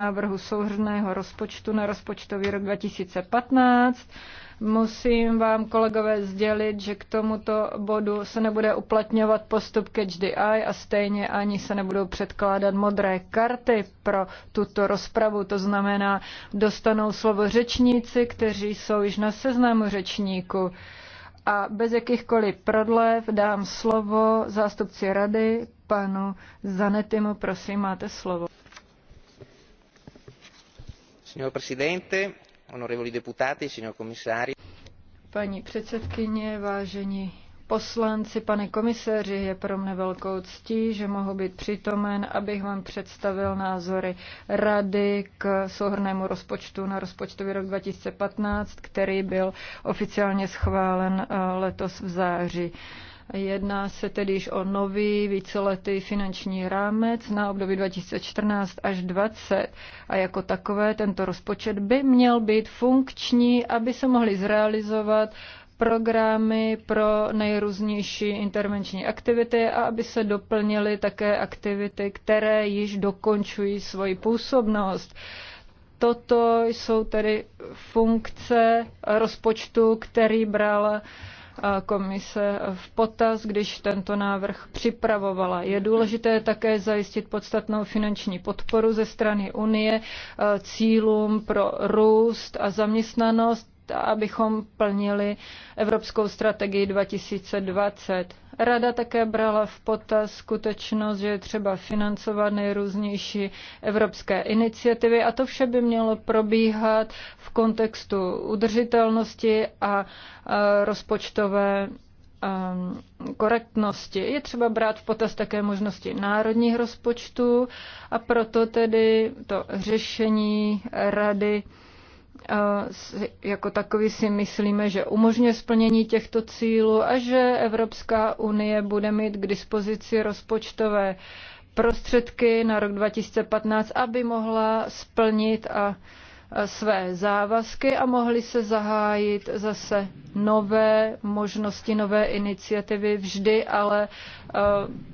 návrhu souhrného rozpočtu na rozpočtový rok 2015. Musím vám, kolegové, sdělit, že k tomuto bodu se nebude uplatňovat postup Catch the Eye a stejně ani se nebudou předkládat modré karty pro tuto rozpravu. To znamená, dostanou slovo řečníci, kteří jsou již na seznamu řečníku. A bez jakýchkoliv prodlev dám slovo zástupci rady panu Zanetimu. Prosím, máte slovo signor presidente onorevoli deputati signor commissario paní předsedkyně vážení poslanci pane komisaři je pro mne velkou ctí že mohu být přítomen abych vám představil názory rady k souhrnnému rozpočtu na rozpočtový rok 2015 který byl oficiálně schválen eh, letos v září. Jedná se tedy již o nový víceletý finanční rámec na období 2014 až 2020 a jako takové tento rozpočet by měl být funkční, aby se mohly zrealizovat programy pro nejrůznější intervenční aktivity a aby se doplnily také aktivity, které již dokončují svoji působnost. Toto jsou tedy funkce rozpočtu, který bral uh, komise v potaz, když tento návrh připravovala. Je důležité také zajistit podstatnou finanční podporu ze strany Unie cílům pro růst a zaměstnanost, abychom plnili Evropskou strategii 2020. Rada také brala v potaz skutečnost, že je třeba financovat nejrůznější evropské iniciativy a to vše by mělo probíhat v kontextu udržitelnosti a rozpočtové um, korektnosti. Je třeba brát v potaz také možnosti národních rozpočtů a proto tedy to řešení rady jako takový si myslíme, že umožňuje splnění těchto cílů a že Evropská unie bude mít k dispozici rozpočtové prostředky na rok 2015, aby mohla splnit a své závazky a mohly se zahájit zase nové možnosti, nové iniciativy, vždy ale e,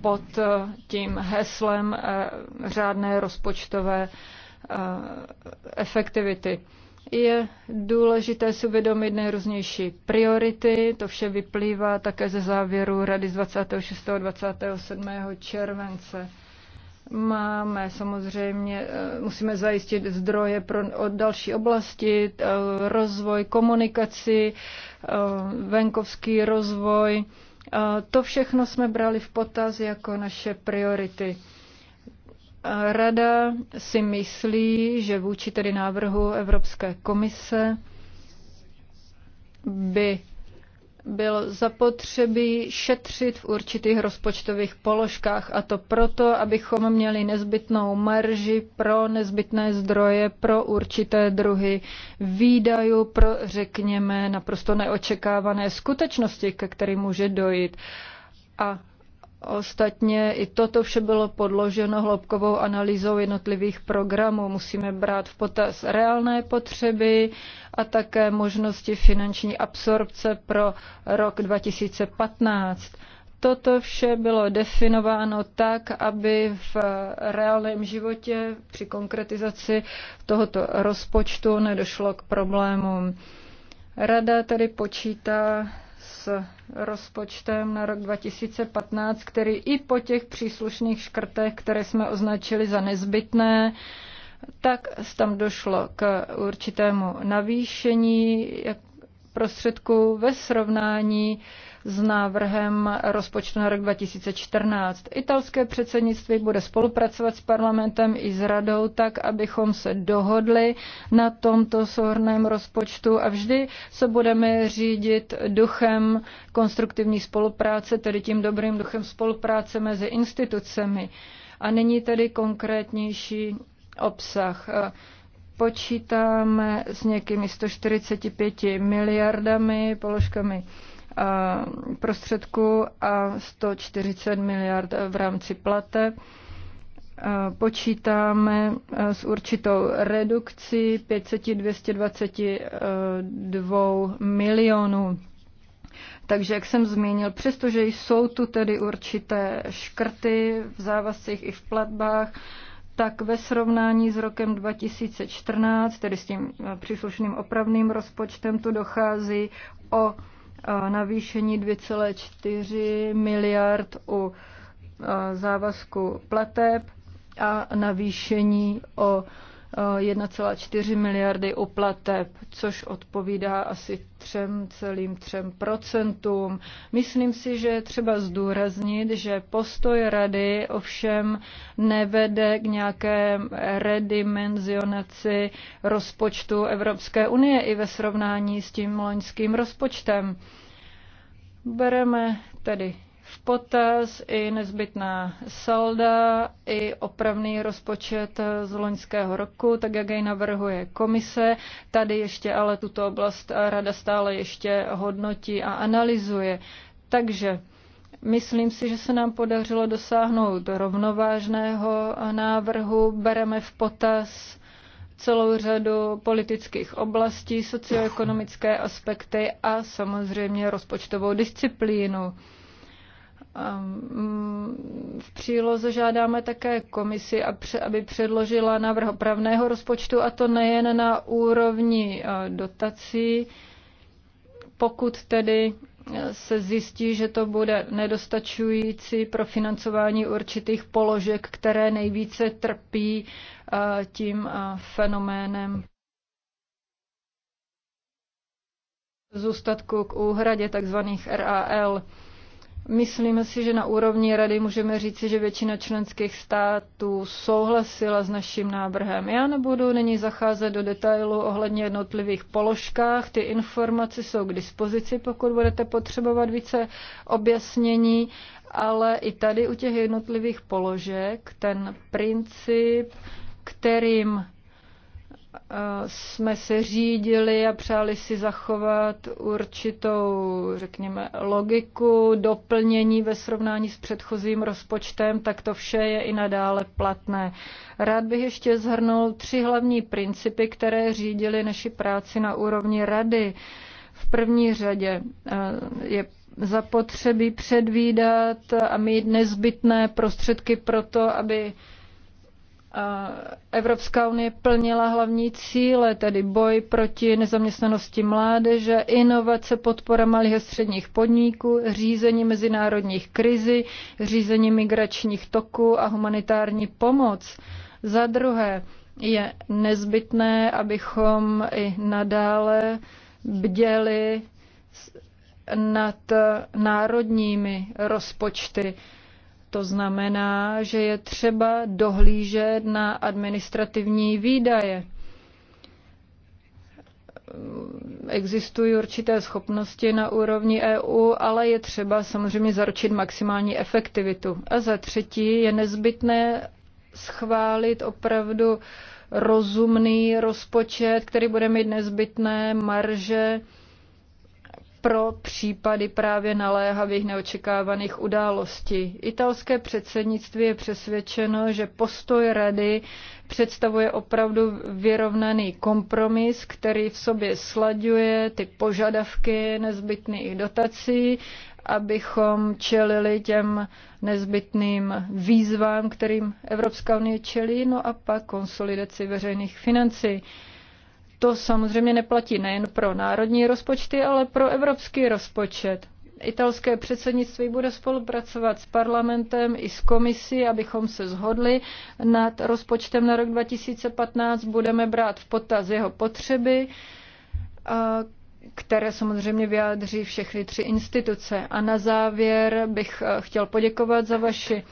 pod e, tím heslem e, řádné rozpočtové efektivity. Je důležité si uvědomit nejrůznější priority. To vše vyplývá také ze závěru Rady z 26. a 27. července. Máme samozřejmě, eh, musíme zajistit zdroje pro od další oblasti, eh, rozvoj komunikaci, eh, venkovský rozvoj. To všechno jsme brali v potaz jako naše priority. Rada si myslí, že vůči tedy návrhu Evropské komise by bylo zapotřebí šetřit v určitých rozpočtových položkách a to proto, abychom měli nezbytnou marži pro nezbytné zdroje, pro určité druhy výdajů, pro, řekněme, naprosto neočekávané skutečnosti, ke kterým může dojít. A Ostatně i toto vše bylo podloženo hloubkovou analýzou jednotlivých programů. Musíme brát v potaz reálné potřeby a také možnosti finanční absorpce pro rok 2015 toto vše bylo definováno tak, aby v reálném životě při konkretizaci tohoto rozpočtu nedošlo k problémům. Rada tedy počítá s rozpočtem na rok 2015, který i po těch příslušných škrtech, které jsme označili za nezbytné, tak tam došlo k určitému navýšení prostředků ve srovnání uh, s návrhem rozpočtu na rok 2014. Italské předsednictví bude spolupracovat s parlamentem i s radou tak, abychom se dohodli na tomto souhrném rozpočtu a vždy se budeme řídit duchem konstruktivní spolupráce, tedy tím dobrým duchem spolupráce mezi institucemi. A není tedy konkrétnější obsah počítáme s někými 145 miliardami položkami Eh, prostředků a 140 miliard v rámci plate. Eh, počítáme eh, s určitou redukcí 5222 milionů. Takže, jak jsem zmínil, přestože jsou tu tedy určité škrty v závazcích i v platbách, tak ve srovnání s rokem 2014, tedy s tím příslušným opravným rozpočtem, tu dochází o navýšení 2,4 miliard u závazku plateb a navýšení o 1,4 eh, miliardy uplateb, což odpovídá asi 3,3%. Myslím si, že je třeba zdůraznit, že postoj rady ovšem nevede k nějaké redimenzionaci rozpočtu Evropské unie i ve srovnání s tím loňským rozpočtem. Bereme tedy v potaz i nezbytná salda, i opravný rozpočet z loňského roku, tak jak jej navrhuje komise. Tady ještě ale tuto oblast rada stále ještě hodnotí a analyzuje. Takže Myslím si, že se nám podařilo dosáhnout rovnovážného návrhu. Bereme v potaz celou řadu politických oblastí, socioekonomické aspekty a samozřejmě rozpočtovou disciplínu. Um, v příloze žádáme také komisi, aby předložila návrh opravného rozpočtu, a to nejen na úrovni uh, dotací, pokud tedy uh, se zjistí, že to bude nedostačující pro financování určitých položek, které nejvíce trpí uh, tím fenoménem zůstatku k úhradě tzv. RAL. Myslíme si, že na úrovni rady můžeme říci, že většina členských států souhlasila s naším návrhem. Já nebudu nyní zacházet do detailu ohledně jednotlivých položkách. Ty informace jsou k dispozici, pokud budete potřebovat více objasnění, ale i tady u těch jednotlivých položek ten princip, kterým Eh, jsme se řídili a přáli si zachovat určitou, řekněme, logiku, doplnění ve srovnání s předchozím rozpočtem, tak to vše je i nadále platné. Rád bych ještě zhrnul tři hlavní principy, které řídily naši práci na úrovni rady. V první řadě eh, je zapotřebí předvídat a mít nezbytné prostředky pro to, aby Evropská unie plnila hlavní cíle, tedy boj proti nezaměstnanosti mládeže, inovace, podpora malých a středních podniků, řízení mezinárodních krizí, řízení migračních toků a humanitární pomoc. Za druhé, je nezbytné, abychom i nadále bděli nad národními rozpočty to znamená, že je třeba dohlížet na administrativní výdaje existují určité schopnosti na úrovni EU, ale je třeba samozřejmě zaručit maximální efektivitu. A za třetí je nezbytné schválit opravdu rozumný rozpočet, který bude mít nezbytné marže pro případy právě naléhavých neočekávaných událostí. Italské předsednictví je přesvědčeno, že postoj rady představuje opravdu vyrovnaný kompromis, který v sobě sladuje ty požadavky nezbytných dotací, abychom čelili těm nezbytným výzvám, kterým Evropská unie čelí, no a pak konsolidaci veřejných financí. To samozřejmě neplatí nejen pro národní rozpočty, ale pro evropský rozpočet. Italské předsednictví bude spolupracovat s parlamentem i s komisí, abychom se zhodli nad rozpočtem na rok 2015. Budeme brát v potaz jeho potřeby, které samozřejmě vyjádří všechny tři instituce. A na závěr bych eh, chtěl poděkovat za vaši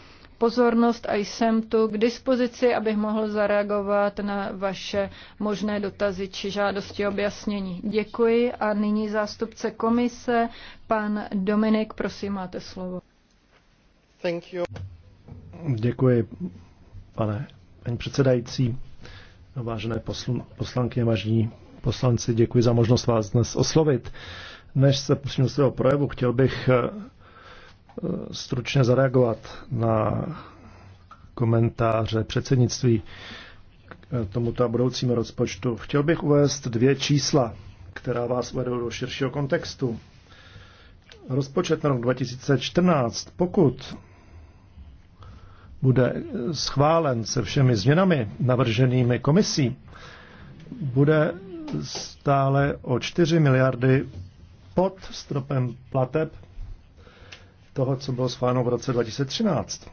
pozornost a jsem tu k dispozici, abych mohl zareagovat na vaše možné dotazy či žádosti objasnění. Děkuji a nyní zástupce komise, pan Dominik, prosím, máte slovo. Thank you. Děkuji, pane paní předsedající, vážené posl- poslankyně, vážení poslanci, děkuji za možnost vás dnes oslovit. Než se pustím do svého projevu, chtěl bych Eh, stručně zareagovat na komentáře předsednictví k eh, tomuto budoucímu rozpočtu. Chtěl bych uvést dvě čísla, která vás vedou do širšího kontextu. Rozpočet na rok 2014, pokud bude eh, schválen se všemi změnami navrženými komisí, bude stále o 4 miliardy pod stropem plateb toho, co bylo schváleno v roce 2013.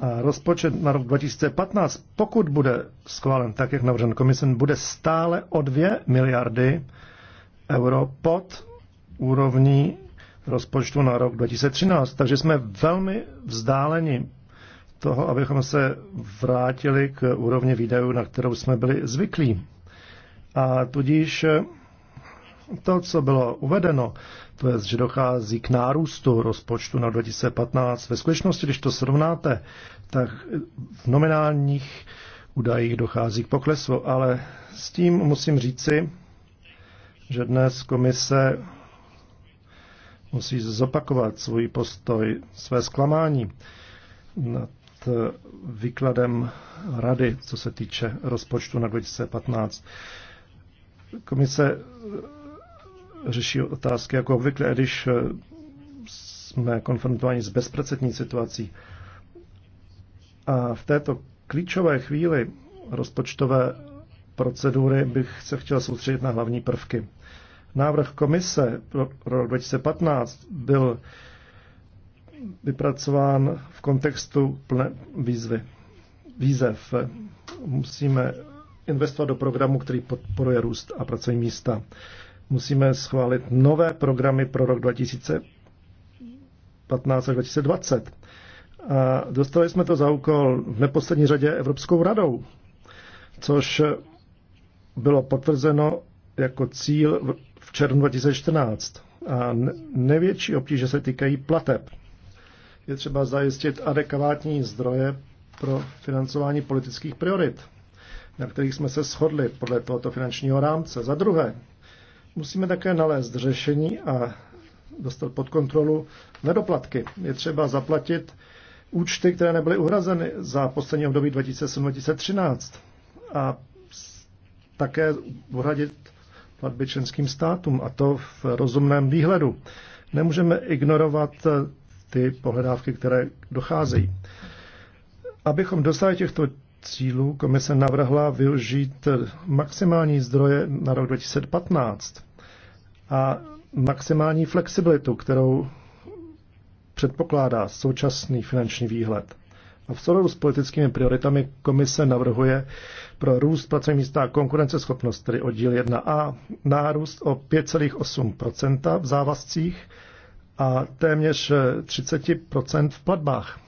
A rozpočet na rok 2015, pokud bude schválen tak, jak navržen komisem, bude stále o 2 miliardy euro pod úrovní rozpočtu na rok 2013. Takže jsme velmi vzdáleni toho, abychom se vrátili k úrovni výdajů, na kterou jsme byli zvyklí. A tudíž to, co bylo uvedeno, to je, že dochází k nárůstu rozpočtu na 2015. Ve skutečnosti, když to srovnáte, tak v nominálních údajích dochází k poklesu, ale s tím musím říci, že dnes komise musí zopakovat svůj postoj, své zklamání nad výkladem rady, co se týče rozpočtu na 2015. Komise řeší otázky jako obvykle, když eh, jsme konfrontováni s bezprecedentní situací. A v této klíčové chvíli rozpočtové procedury bych se chtěl soustředit na hlavní prvky. Návrh komise pro rok 2015 byl vypracován v kontextu plné výzvy. Výzev. Musíme investovat do programu, který podporuje růst a pracovní místa musíme schválit nové programy pro rok 2015 až 2020. A dostali jsme to za úkol v neposlední řadě Evropskou radou, což bylo potvrzeno jako cíl v červnu 2014. A největší obtíže se týkají plateb. Je třeba zajistit adekvátní zdroje pro financování politických priorit, na kterých jsme se shodli podle tohoto finančního rámce. Za druhé, Musíme také nalézt řešení a dostat pod kontrolu nedoplatky. Je třeba zaplatit účty, které nebyly uhrazeny za poslední období 2007-2013 a také uhradit platby členským státům a to v rozumném výhledu. Nemůžeme ignorovat ty pohledávky, které docházejí. Abychom dosáhli těchto cílů, komise navrhla využít maximální zdroje na rok 2015 a maximální flexibilitu, kterou předpokládá současný finanční výhled. A v souladu s politickými prioritami komise navrhuje pro růst pracovní místa a konkurenceschopnost, tedy oddíl 1a, nárůst o 5,8 v závazcích a téměř 30 v platbách.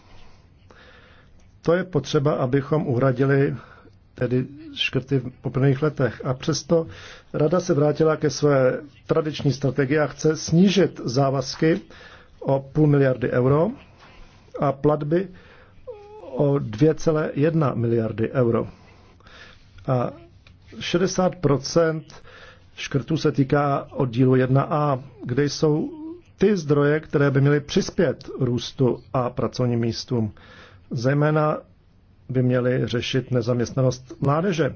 To je potřeba, abychom uhradili tedy škrty v poprvých letech. A přesto rada se vrátila ke své tradiční strategii a chce snížit závazky o půl miliardy euro a platby o 2,1 miliardy euro. A 60 škrtů se týká oddílu 1a, kde jsou ty zdroje, které by měly přispět růstu a pracovním místům. Zejména by měly řešit nezaměstnanost mládeže.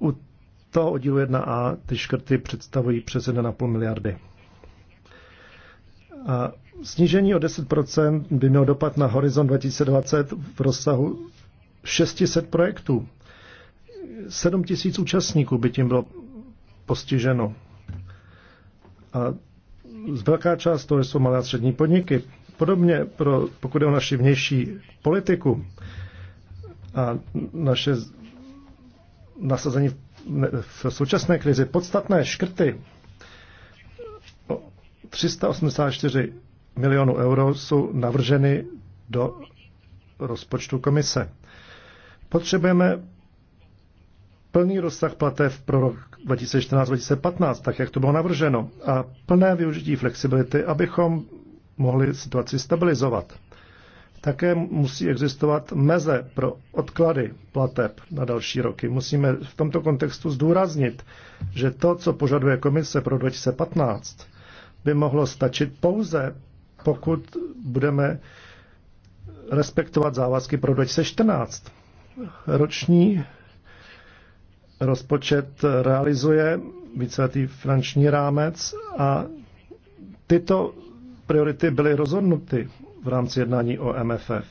U toho oddílu 1a ty škrty představují přes 1,5 miliardy. A snížení o 10% by mělo dopad na Horizon 2020 v rozsahu 600 projektů. 7 tisíc účastníků by tím bylo postiženo. A z velká část toho jsou malé a střední podniky. Podobně, pro, pokud je o naši vnější politiku a naše nasazení v, současné krizi, podstatné škrty 384 milionů euro jsou navrženy do rozpočtu komise. Potřebujeme plný rozsah platev pro rok 2014-2015, tak jak to bylo navrženo, a plné využití flexibility, abychom mohli situaci stabilizovat. Také musí existovat meze pro odklady plateb na další roky. Musíme v tomto kontextu zdůraznit, že to, co požaduje komise pro 2015, by mohlo stačit pouze, pokud budeme respektovat závazky pro 2014. Roční rozpočet realizuje víceletý finanční rámec a tyto priority byly rozhodnuty v rámci jednání o MFF.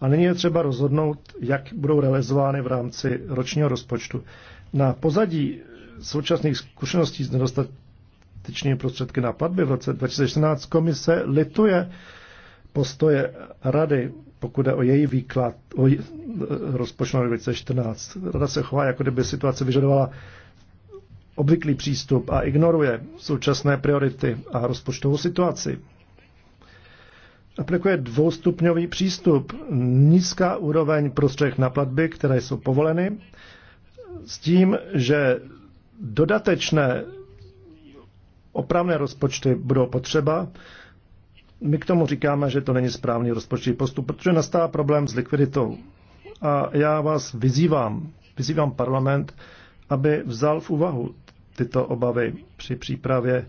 A nyní je třeba rozhodnout, jak budou realizovány v rámci ročního rozpočtu. Na pozadí současných zkušeností s nedostatečnými prostředky na platby v roce 2014 komise lituje postoje rady, pokud je o její výklad o rozpočtu na 2014. Rada se chová, jako kdyby situace vyžadovala obvyklý přístup a ignoruje současné priority a rozpočtovou situaci aplikuje dvoustupňový přístup. Nízká úroveň prostřeh na platby, které jsou povoleny, s tím, že dodatečné opravné rozpočty budou potřeba. My k tomu říkáme, že to není správný rozpočtový postup, protože nastává problém s likviditou. A já vás vyzývám, vyzývám parlament, aby vzal v úvahu tyto obavy při přípravě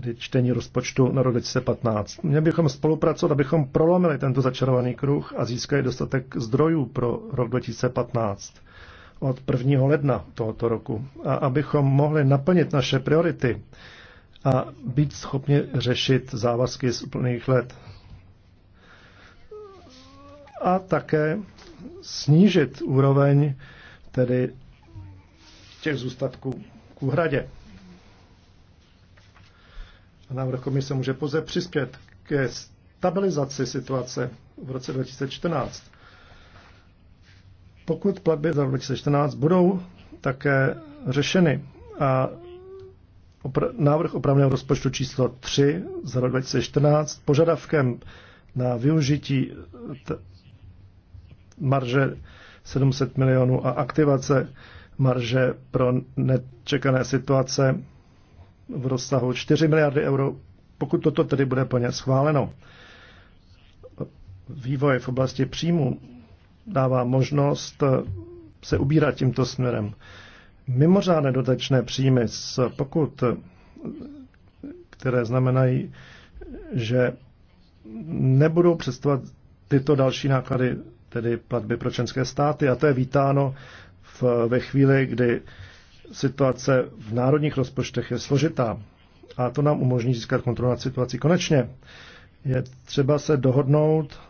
tedy čtení rozpočtu na rok 2015. Měli bychom spolupracovat, abychom prolomili tento začarovaný kruh a získali dostatek zdrojů pro rok 2015 od 1. ledna tohoto roku. A abychom mohli naplnit naše priority a být schopni řešit závazky z úplných let. A také snížit úroveň tedy těch zůstatků k úhradě. Návrh komise může pouze přispět ke stabilizaci situace v roce 2014. Pokud platby za 2014 budou také řešeny a opra- návrh opravného rozpočtu číslo 3 za rok 2014 požadavkem na využití marže 700 milionů a aktivace marže pro nečekané situace v rozsahu 4 miliardy euro, pokud toto tedy bude plně schváleno. Vývoj v oblasti příjmu dává možnost se ubírat tímto směrem. Mimořádné dotačné příjmy z pokud, které znamenají, že nebudou představovat tyto další náklady, tedy platby pro členské státy, a to je vítáno v, ve chvíli, kdy Situace v národních rozpočtech je složitá a to nám umožní získat kontrolu nad situací. Konečně je třeba se dohodnout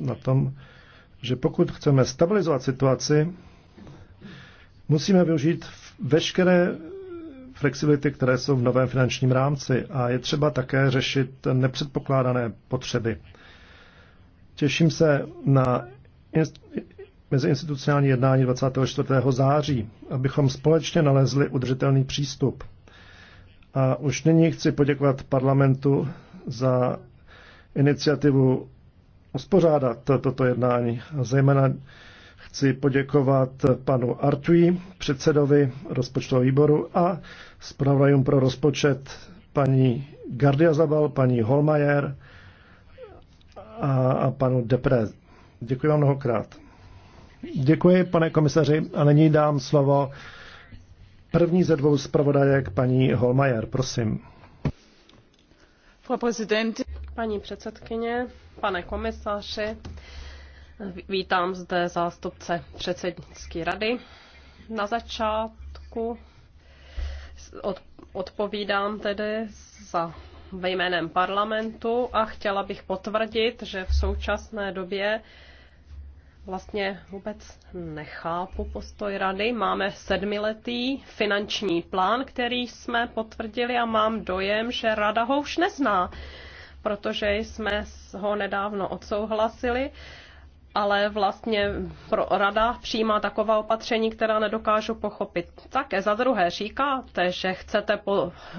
na tom, že pokud chceme stabilizovat situaci, musíme využít veškeré flexibility, které jsou v novém finančním rámci a je třeba také řešit nepředpokládané potřeby. Těším se na meziinstitucionální jednání 24. září, abychom společně nalezli udržitelný přístup. A už nyní chci poděkovat parlamentu za iniciativu uspořádat toto jednání. A zejména chci poděkovat panu Artui, předsedovi rozpočtového výboru a zpravodajům pro rozpočet paní Gardia Zabal, paní Holmajer a, a panu Depre. Děkuji vám mnohokrát. Děkuji, pane komisaři, a nyní dám slovo první ze dvou zpravodajek, paní Holmajer, prosím. Paní předsedkyně, pane komisaři, vítám zde zástupce předsednické rady. Na začátku odpovídám tedy za ve jménem parlamentu a chtěla bych potvrdit, že v současné době vlastně vůbec nechápu postoj rady. Máme sedmiletý finanční plán, který jsme potvrdili a mám dojem, že rada ho už nezná, protože jsme ho nedávno odsouhlasili ale vlastně pro rada přijímá taková opatření, která nedokážu pochopit. Také za druhé říkáte, že chcete po, eh,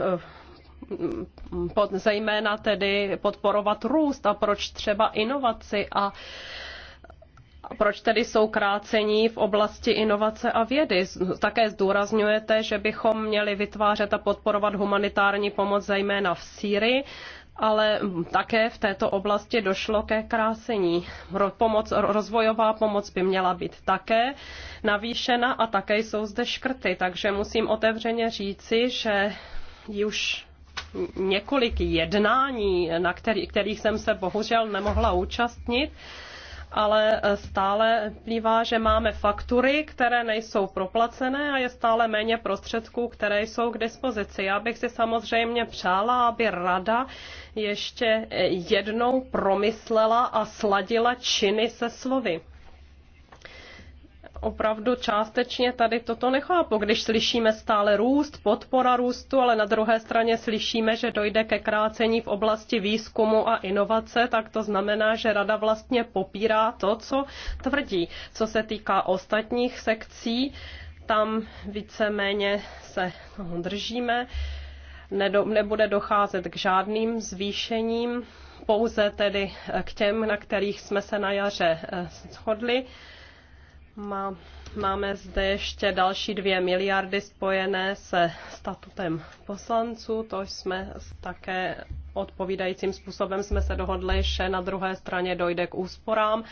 pod, zejména tedy podporovat růst a proč třeba inovaci a proč tedy jsou krácení v oblasti inovace a vědy? Také zdůrazňujete, že bychom měli vytvářet a podporovat humanitární pomoc zejména v Sýrii ale také v této oblasti došlo ke krásení. Pomoc, rozvojová pomoc by měla být také navýšena a také jsou zde škrty, takže musím otevřeně říci, že už několik jednání, na který, kterých jsem se bohužel nemohla účastnit, ale eh, stále plývá, že máme faktury, které nejsou proplacené a je stále méně prostředků, které jsou k dispozici. Já bych si samozřejmě přála, aby rada ještě eh, jednou promyslela a sladila činy se slovy opravdu částečně tady toto nechápu, když slyšíme stále růst, podpora růstu, ale na druhé straně slyšíme, že dojde ke krácení v oblasti výzkumu a inovace, tak to znamená, že rada vlastně popírá to, co tvrdí. Co se týká ostatních sekcí, tam víceméně se držíme, nebude docházet k žádným zvýšením, pouze tedy k těm, na kterých jsme se na jaře eh, shodli. Má, máme zde ještě další dvě miliardy spojené se statutem poslanců, to jsme také odpovídajícím způsobem jsme se dohodli, že na druhé straně dojde k úsporám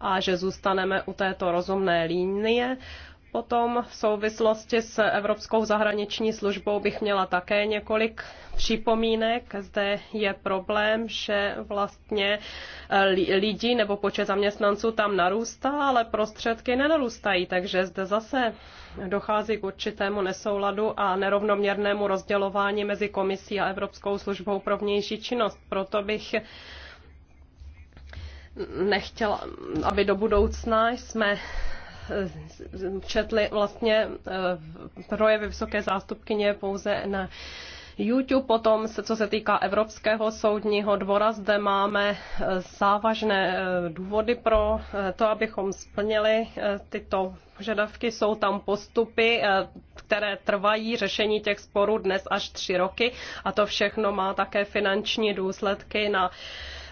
a že zůstaneme u této rozumné línie. Potom v souvislosti s Evropskou zahraniční službou bych měla také několik připomínek. Zde je problém, že vlastně eh, lidi nebo počet zaměstnanců tam narůstá, ale prostředky nenarůstají, takže zde zase dochází k určitému nesouladu a nerovnoměrnému rozdělování mezi komisí a Evropskou službou pro vnější činnost. Proto bych nechtěla, aby do budoucna jsme četli vlastně eh, projevy vysoké zástupkyně pouze na YouTube. Potom, co se týká Evropského soudního dvora, zde máme eh, závažné eh, důvody pro to, abychom splnili tyto požadavky. Jsou tam postupy, které trvají řešení těch sporů dnes až tři roky a to všechno má také finanční důsledky na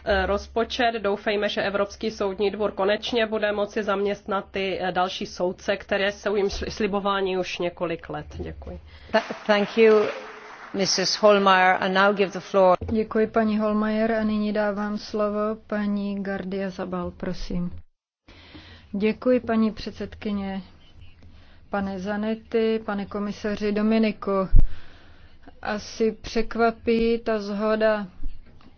E, rozpočet. Doufejme, že Evropský soudní dvůr konečně bude moci zaměstnat ty e, další soudce, které jsou jim slibováni už několik let. Děkuji. Thank you. Mrs. Holmeyer, and now give the floor. Děkuji paní Holmeyer a nyní dávám slovo paní Gardia Zabal, prosím. Děkuji paní předsedkyně, pane Zanety, pane komisaři Dominiku. Asi překvapí ta zhoda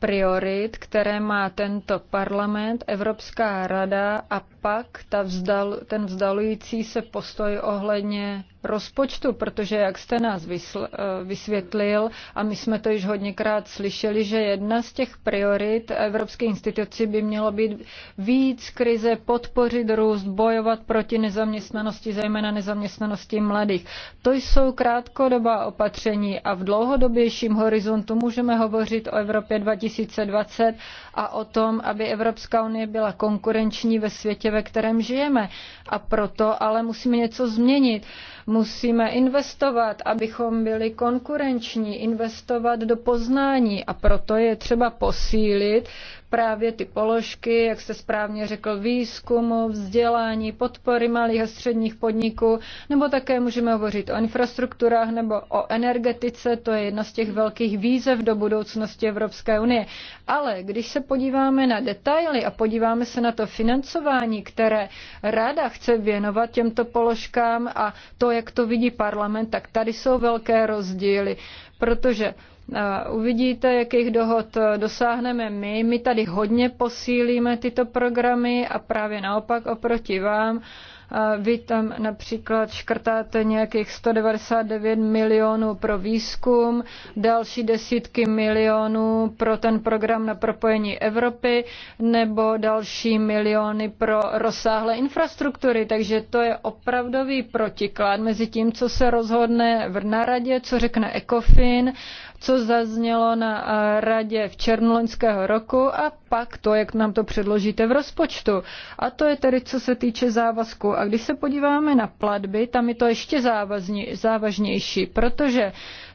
priorit, které má tento parlament, Evropská rada a pak ta vzdal, ten vzdalující se postoj ohledně rozpočtu, protože jak jste nás eh, vysvětlil a my jsme to již hodněkrát slyšeli, že jedna z těch priorit Evropské instituci by mělo být víc krize, podpořit růst, bojovat proti nezaměstnanosti, zejména nezaměstnanosti mladých. To jsou krátkodobá opatření a v dlouhodobějším horizontu můžeme hovořit o Evropě 2020 a o tom, aby Evropská unie byla konkurenční ve světě, ve kterém žijeme. A proto ale musíme něco změnit Musíme investovat, abychom byli konkurenční, investovat do poznání a proto je třeba posílit právě ty položky, jak se správně řekl, výzkumu, vzdělání, podpory malých a středních podniků, nebo také můžeme hovořit o infrastrukturách nebo o energetice, to je jedna z těch velkých výzev do budoucnosti Evropské unie. Ale když se podíváme na detaily a podíváme se na to financování, které ráda chce věnovat těmto položkám a to, jak to vidí parlament, tak tady jsou velké rozdíly, protože Uvidíte, jakých dohod eh, dosáhneme my. My tady hodně posílíme tyto programy a právě naopak oproti vám. Vy tam například škrtáte nějakých 199 milionů pro výzkum, další desítky milionů pro ten program na propojení Evropy nebo další miliony pro rozsáhlé infrastruktury. Takže to je opravdový protiklad mezi tím, co se rozhodne v naradě, co řekne ECOFIN co zaznělo na eh, radě v červnu loňského roku a pak to, jak nám to předložíte v rozpočtu. A to je tedy, co se týče závazku. A když se podíváme na platby, tam je to ještě závažnější, protože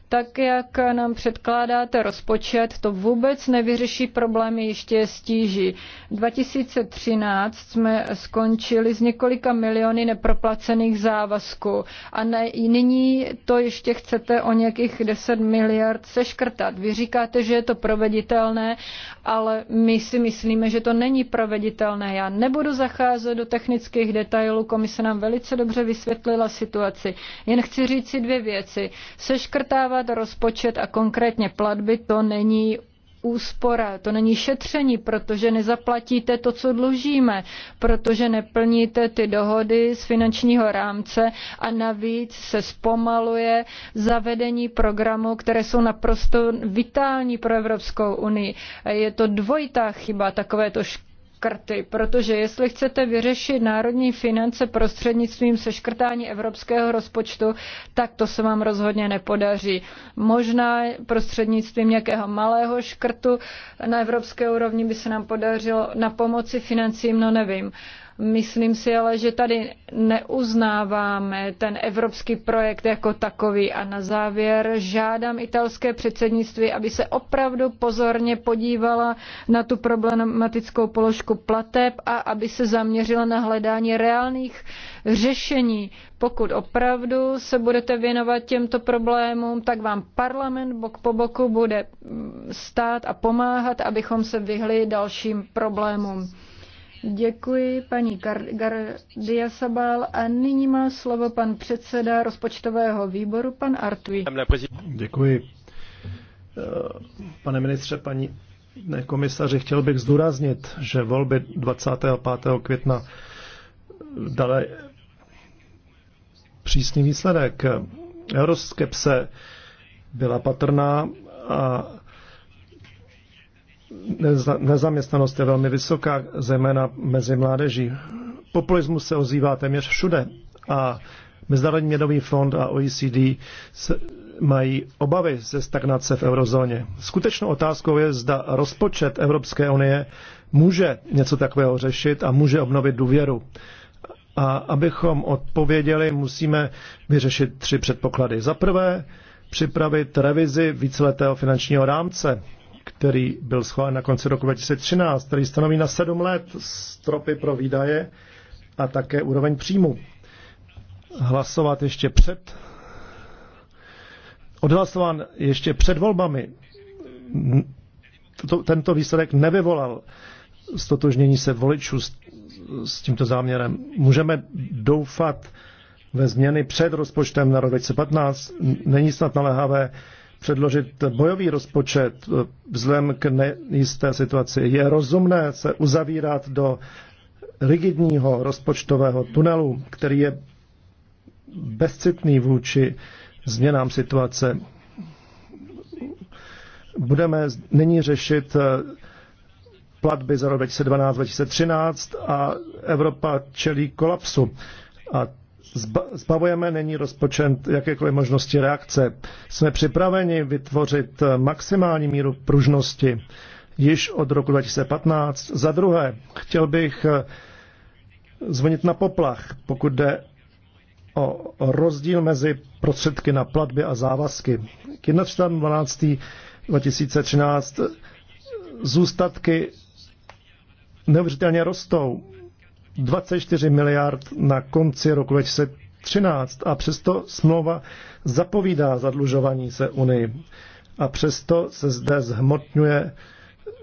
tak, jak nám předkládáte rozpočet, to vůbec nevyřeší problémy, ještě je stíží. 2013 jsme skončili s několika miliony neproplacených závazků a ne, nyní to ještě chcete o nějakých 10 miliard seškrtat. Vy říkáte, že je to proveditelné, ale my si myslíme, že to není proveditelné. Já nebudu zacházet do technických detailů, komise nám velice dobře vysvětlila situaci. Jen chci říct si dvě věci. Seškrtává Snižovat rozpočet a konkrétně platby to není úspora, to není šetření, protože nezaplatíte to, co dlužíme, protože neplníte ty dohody z finančního rámce a navíc se zpomaluje zavedení programů, které jsou naprosto vitální pro Evropskou unii. Je to dvojitá chyba takovéto školy škrty, protože jestli chcete vyřešit národní finance prostřednictvím seškrtání evropského rozpočtu, tak to se vám rozhodně nepodaří. Možná prostřednictvím nějakého malého škrtu na evropské úrovni by se nám podařilo na pomoci financím, no nevím. Uh, Myslím si ale, že tady neuznáváme ten evropský projekt jako takový. A na závěr žádám italské předsednictví, aby se opravdu pozorně podívala na tu problematickou položku plateb a aby se zaměřila na hledání reálných řešení. Pokud opravdu se budete věnovat těmto problémům, tak vám parlament bok po boku bude stát a pomáhat, abychom se vyhli dalším problémům. Děkuji paní Gardia Sabal a nyní má slovo pan předseda rozpočtového výboru, pan Artui. Děkuji. Eh, pane ministře, paní ne, komisaři, chtěl bych zdůraznit, že volby 25. května dali přísný výsledek. Euroskepse byla patrná a nezaměstnanost je velmi vysoká, zejména mezi mládeží. Populismus se ozývá téměř všude a Mezinárodní měnový fond a OECD se mají obavy ze stagnace v eurozóně. Skutečnou otázkou je, zda rozpočet Evropské unie může něco takového řešit a může obnovit důvěru. A abychom odpověděli, musíme vyřešit tři předpoklady. Za prvé, připravit revizi víceletého finančního rámce který byl schválen na konci roku 2013, který stanoví na 7 let stropy pro výdaje a také úroveň příjmu. Hlasovat ještě před odhlasován ještě před volbami. Tento výsledek nevyvolal stotožnění se voličů s, s tímto záměrem. Můžeme doufat ve změny před rozpočtem na rok 2015. Není snad naléhavé předložit bojový rozpočet eh, vzhledem k nejisté situaci. Je rozumné se uzavírat do rigidního rozpočtového tunelu, který je bezcitný vůči změnám situace. Budeme nyní řešit eh, platby za rok 2012-2013 a Evropa čelí kolapsu. A zbavujeme není rozpočet jakékoliv možnosti reakce. Jsme připraveni vytvořit maximální míru pružnosti již od roku 2015. Za druhé, chtěl bych eh, zvonit na poplach, pokud jde o rozdíl mezi prostředky na platby a závazky. K 2013 zůstatky neuvěřitelně rostou 24 miliard na konci roku 2013 a přesto smlouva zapovídá zadlužování se Unii. A přesto se zde zhmotňuje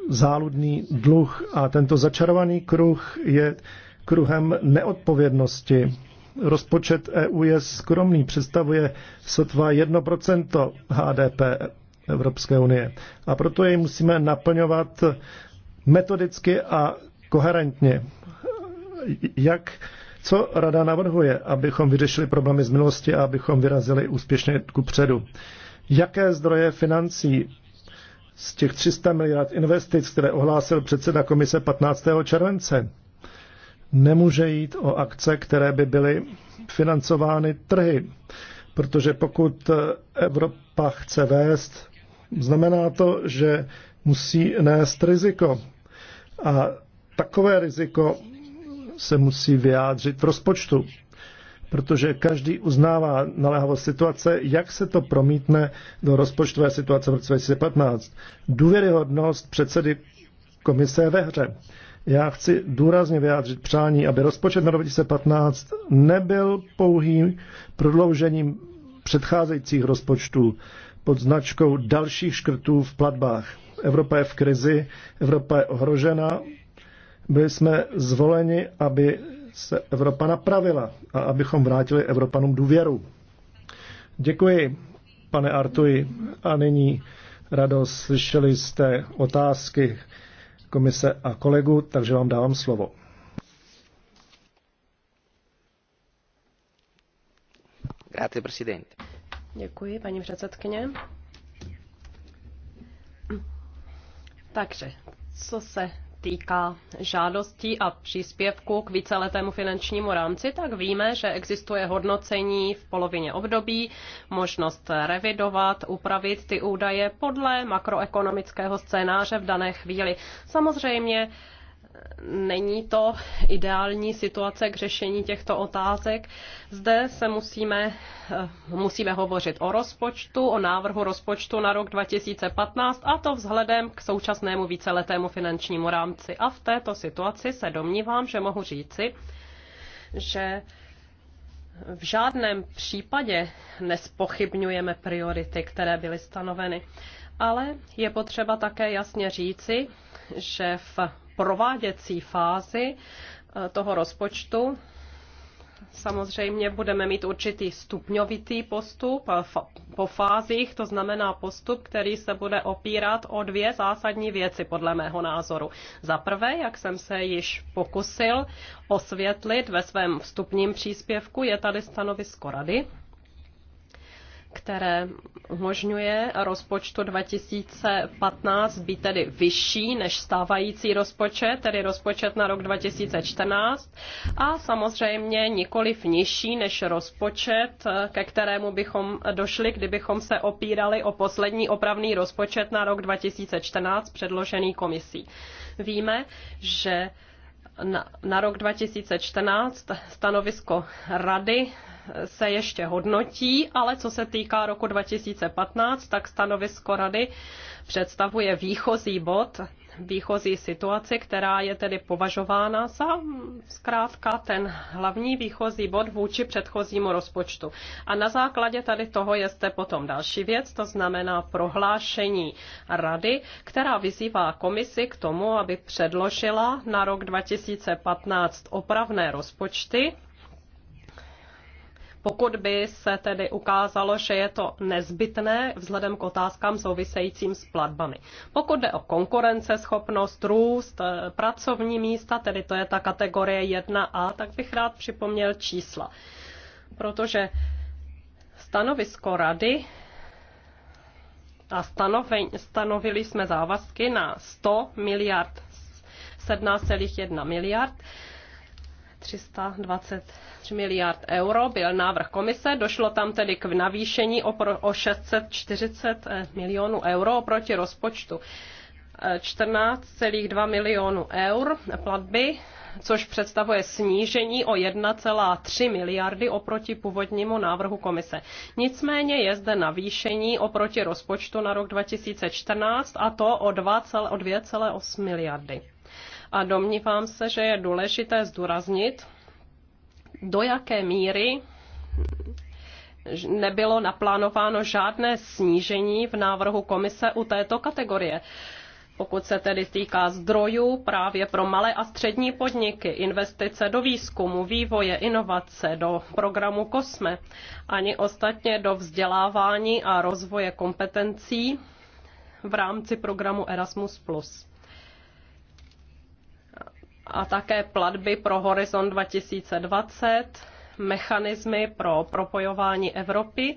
záludný dluh a tento začarovaný kruh je kruhem neodpovědnosti. Rozpočet EU je skromný, představuje sotva 1% HDP Evropské unie. A proto jej musíme naplňovat metodicky a koherentně jak, co rada navrhuje, abychom vyřešili problémy z minulosti a abychom vyrazili úspěšně ku předu? Jaké zdroje financí z těch 300 miliard investic, které ohlásil předseda komise 15. července, nemůže jít o akce, které by byly financovány trhy. Protože pokud Evropa chce vést, znamená to, že musí nést riziko. A takové riziko se musí vyjádřit v rozpočtu, protože každý uznává naléhavost situace, jak se to promítne do rozpočtové situace v roce 2015. Důvěryhodnost předsedy komise je ve hře. Já chci důrazně vyjádřit přání, aby rozpočet na 2015 nebyl pouhým prodloužením předcházejících rozpočtů pod značkou dalších škrtů v platbách. Evropa je v krizi, Evropa je ohrožena, byli jsme zvoleni, aby se Evropa napravila a abychom vrátili Evropanům důvěru. Děkuji, pane Artuji. A nyní rado, slyšeli jste otázky komise a kolegu, takže vám dávám slovo. Děkuji, paní předsedkyně. Takže, co se týká žádostí a příspěvku k víceletému finančnímu rámci, tak víme, že existuje hodnocení v polovině období, možnost revidovat, upravit ty údaje podle makroekonomického scénáře v dané chvíli. Samozřejmě není to ideální situace k řešení těchto otázek. Zde se musíme, eh, musíme hovořit o rozpočtu, o návrhu rozpočtu na rok 2015 a to vzhledem k současnému víceletému finančnímu rámci. A v této situaci se domnívám, že mohu říci, že v žádném případě nespochybňujeme priority, které byly stanoveny. Ale je potřeba také jasně říci, že v prováděcí fázi eh, toho rozpočtu. Samozřejmě budeme mít určitý stupňovitý postup eh, po fázích, to znamená postup, který se bude opírat o dvě zásadní věci, podle mého názoru. Za prvé, jak jsem se již pokusil osvětlit ve svém vstupním příspěvku, je tady stanovisko rady, které umožňuje rozpočtu 2015 být tedy vyšší než stávající rozpočet, tedy rozpočet na rok 2014 a samozřejmě nikoliv nižší než rozpočet, ke kterému bychom došli, kdybychom se opírali o poslední opravný rozpočet na rok 2014 předložený komisí. Víme, že na, na rok 2014 stanovisko rady se ještě hodnotí, ale co se týká roku 2015, tak stanovisko rady představuje výchozí bod, výchozí situaci, která je tedy považována za zkrátka ten hlavní výchozí bod vůči předchozímu rozpočtu. A na základě tady toho je zde potom další věc, to znamená prohlášení rady, která vyzývá komisi k tomu, aby předložila na rok 2015 opravné rozpočty, pokud by se tedy ukázalo, že je to nezbytné vzhledem k otázkám souvisejícím s platbami. Pokud jde o konkurenceschopnost, růst, eh, pracovní místa, tedy to je ta kategorie 1A, tak bych rád připomněl čísla. Protože stanovisko rady a stanovili jsme závazky na 100 miliard 17,1 miliard 323 miliard euro byl návrh komise. Došlo tam tedy k navýšení o 640 eh, milionů euro oproti rozpočtu. 14,2 eh, milionů eur platby, což představuje snížení o 1,3 miliardy oproti původnímu návrhu komise. Nicméně je zde navýšení oproti rozpočtu na rok 2014 a to o 2,8 miliardy. A domnívám se, že je důležité zdůraznit, do jaké míry nebylo naplánováno žádné snížení v návrhu komise u této kategorie. Pokud se tedy týká zdrojů právě pro malé a střední podniky, investice do výzkumu, vývoje, inovace, do programu COSME, ani ostatně do vzdělávání a rozvoje kompetencí v rámci programu Erasmus+ a také platby pro Horizon 2020, mechanismy pro propojování Evropy.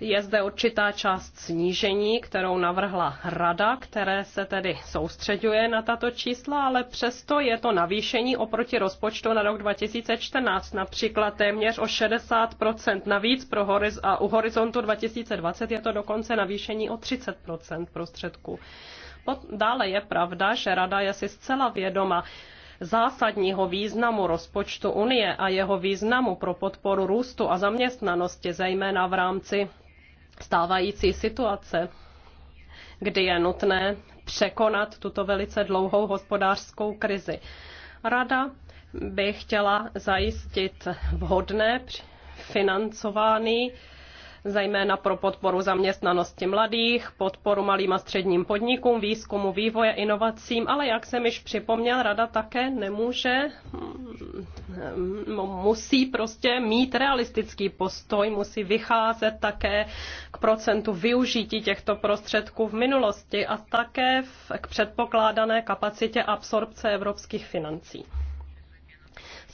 Je zde určitá část snížení, kterou navrhla rada, které se tedy soustředuje na tato čísla, ale přesto je to navýšení oproti rozpočtu na rok 2014, například téměř o 60 navíc pro horiz- a u horizontu 2020 je to dokonce navýšení o 30 prostředků. Dále je pravda, že rada je si zcela vědoma zásadního významu rozpočtu Unie a jeho významu pro podporu růstu a zaměstnanosti, zejména v rámci stávající situace, kdy je nutné překonat tuto velice dlouhou hospodářskou krizi. Rada by chtěla zajistit vhodné financování zejména pro podporu zaměstnanosti mladých, podporu malým a středním podnikům, výzkumu, vývoje, inovacím, ale jak jsem již připomněl, rada také nemůže, mm, mm, musí prostě mít realistický postoj, musí vycházet také k procentu využití těchto prostředků v minulosti a také k předpokládané kapacitě absorpce evropských financí.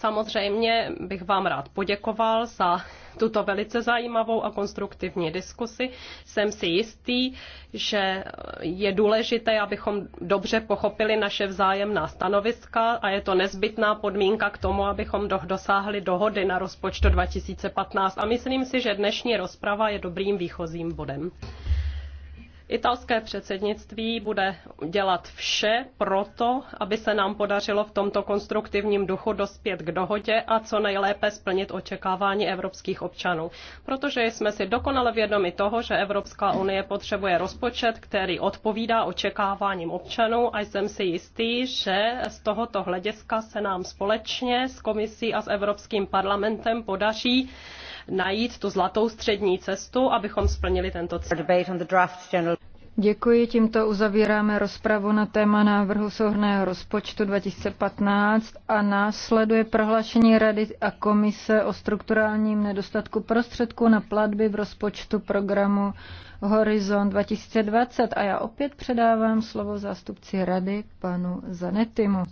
Samozřejmě bych vám rád poděkoval za tuto velice zajímavou a konstruktivní diskusi. Jsem si jistý, že je důležité, abychom dobře pochopili naše vzájemná stanoviska a je to nezbytná podmínka k tomu, abychom dosáhli dohody na rozpočtu 2015. A myslím si, že dnešní rozprava je dobrým výchozím bodem. Italské předsednictví bude dělat vše proto, aby se nám podařilo v tomto konstruktivním duchu dospět k dohodě a co nejlépe splnit očekávání evropských občanů. Protože jsme si dokonale vědomi toho, že Evropská unie potřebuje rozpočet, který odpovídá očekáváním občanů a jsem si jistý, že z tohoto hlediska se nám společně s komisí a s Evropským parlamentem podaří najít tu zlatou střední cestu, abychom splnili tento cíl. Děkuji, tímto uzavíráme rozpravu na téma návrhu souhrného rozpočtu 2015 a následuje prohlášení Rady a Komise o strukturálním nedostatku prostředků na platby v rozpočtu programu Horizon 2020 a já opět předávám slovo zástupci Rady panu Zanetimu.